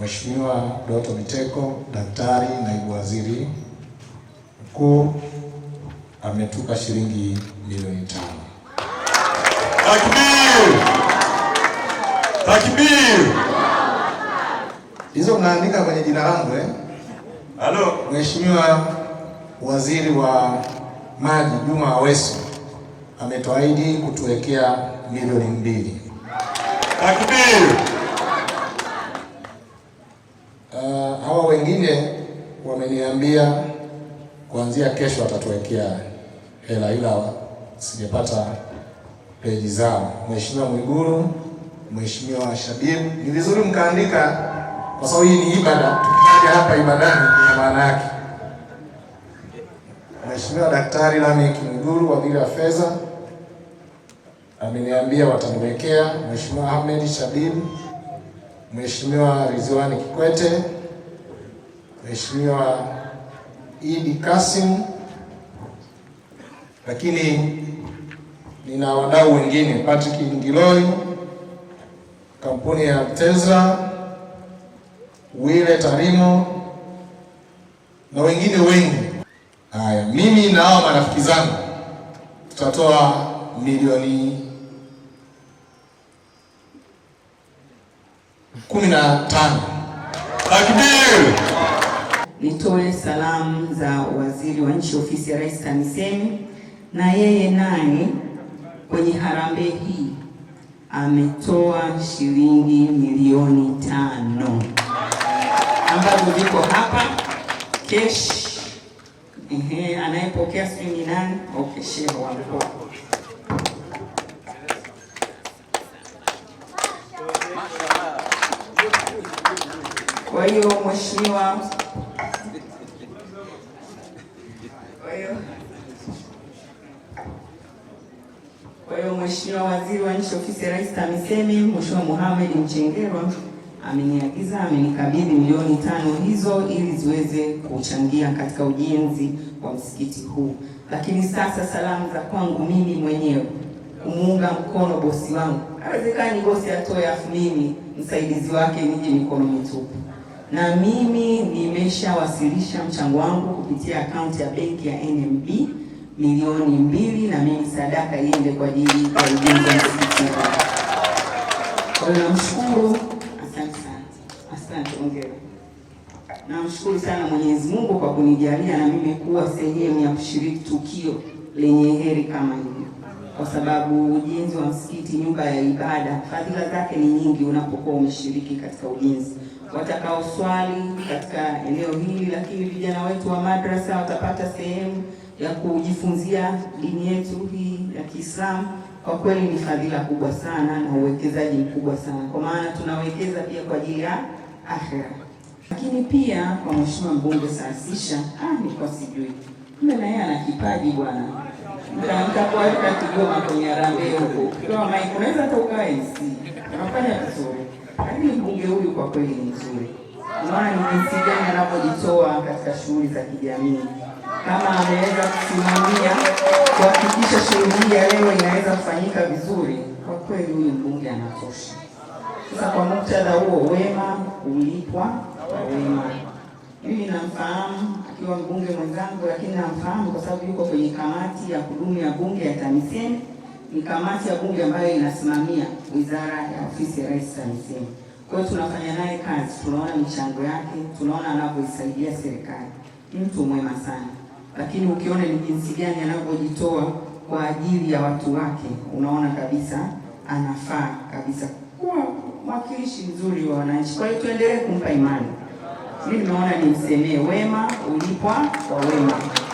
Mheshimiwa Doto Biteko, daktari naibu waziri mkuu, ametupa shilingi milioni tano. Takbir! Takbir! Hizo mnaandika kwenye jina langu eh? Halo. Mheshimiwa waziri wa maji Juma Aweso ametuahidi kutuwekea milioni mbili. Takbir! wengine wameniambia kuanzia kesho atatuwekea hela, ila sijapata peji zao. Mheshimiwa Mwiguru, Mheshimiwa Shabibu, ni vizuri mkaandika, kwa sababu hii ni ibada. Tukija hapa ibadani ina maana yake. Mheshimiwa Daktari Lameck Mwiguru, waziri wa fedha, ameniambia watamwekea. Mheshimiwa Ahmed Shabibu, Mheshimiwa Ridhiwani Kikwete Mheshimiwa Idi Kasim, lakini nina wadau wengine Patrick Ngiloi, kampuni ya Alteza, Wile Tarimo na wengine wengi. Haya, mimi na hao marafiki zangu tutatoa milioni kumi na tano. Takbir! nitoe salamu za waziri wa nchi ofisi ya Rais TAMISEMI, na yeye naye kwenye harambee hii ametoa shilingi milioni tano ambazo ziko hapa kesh. Ehe, anayepokea sijui ni nani? Okay, shehe wa mkoa. Kwa hiyo mheshimiwa kwa hiyo Mheshimiwa Waziri wa Nchi Ofisi ya Rais TAMISEMI, Mheshimiwa Mohamed Mchengerwa ameniagiza amenikabidhi milioni tano hizo ili ziweze kuchangia katika ujenzi wa msikiti huu. Lakini sasa salamu za kwangu mimi mwenyewe kumuunga mkono bosi wangu, awezekani bosi atoe afu mimi msaidizi wake nije mikono mitupu na mimi nimeshawasilisha mchango wangu kupitia akaunti ya benki ya NMB milioni mbili, na mimi sadaka iende kwa ajili ya ujenzi wa msikiti. Kwa hiyo namshukuru, asante sana, asante, ongera. Namshukuru sana Mwenyezi Mungu kwa kunijalia na mimi kuwa sehemu ya kushiriki tukio lenye heri kama hili, kwa sababu ujenzi wa msikiti, nyumba ya ibada, fadhila zake ni nyingi unapokuwa umeshiriki katika ujenzi. Watakaoswali katika eneo hili, lakini vijana wetu wa madrasa watapata sehemu ya kujifunzia dini yetu hii ya Kiislamu. Kwa kweli ni fadhila kubwa sana na uwekezaji mkubwa sana, kwa maana tunawekeza pia kwa ajili ya akhera. Lakini pia kwa Mheshimiwa mbunge saasisha ah, kwa sijui Kumbe na yeye ana kipaji bwana. Mtakuwa Kigoma kwenye harambee huko, kwa maana unaweza hata ukawa MC unafanya vizuri, lakini mbunge huyu kwa kweli ni mzuri. Maana ni jinsi gani anapojitoa katika shughuli za kijamii, kama ameweza kusimamia kuhakikisha shughuli ya leo inaweza kufanyika vizuri, kwa kweli huyu mbunge anatosha. Sasa kwa muktadha huo, wema ulipwa kwa wema. Mimi namfahamu akiwa mbunge mwenzangu, lakini namfahamu kwa sababu yuko kwenye kamati ya kudumu ya bunge ya TAMISEMI. Ni kamati ya bunge ambayo inasimamia wizara ya ofisi ya rais TAMISEMI. Kwa hiyo tunafanya naye kazi, tunaona michango yake, tunaona anavyoisaidia serikali. Mtu mwema sana, lakini ukiona ni jinsi gani anavyojitoa kwa ajili ya watu wake, unaona kabisa anafaa kabisa kuwa mwakilishi mzuri wa wananchi. Kwa hiyo tuendelee kumpa imani mimi naona ni msemee wema ulipwa kwa wema.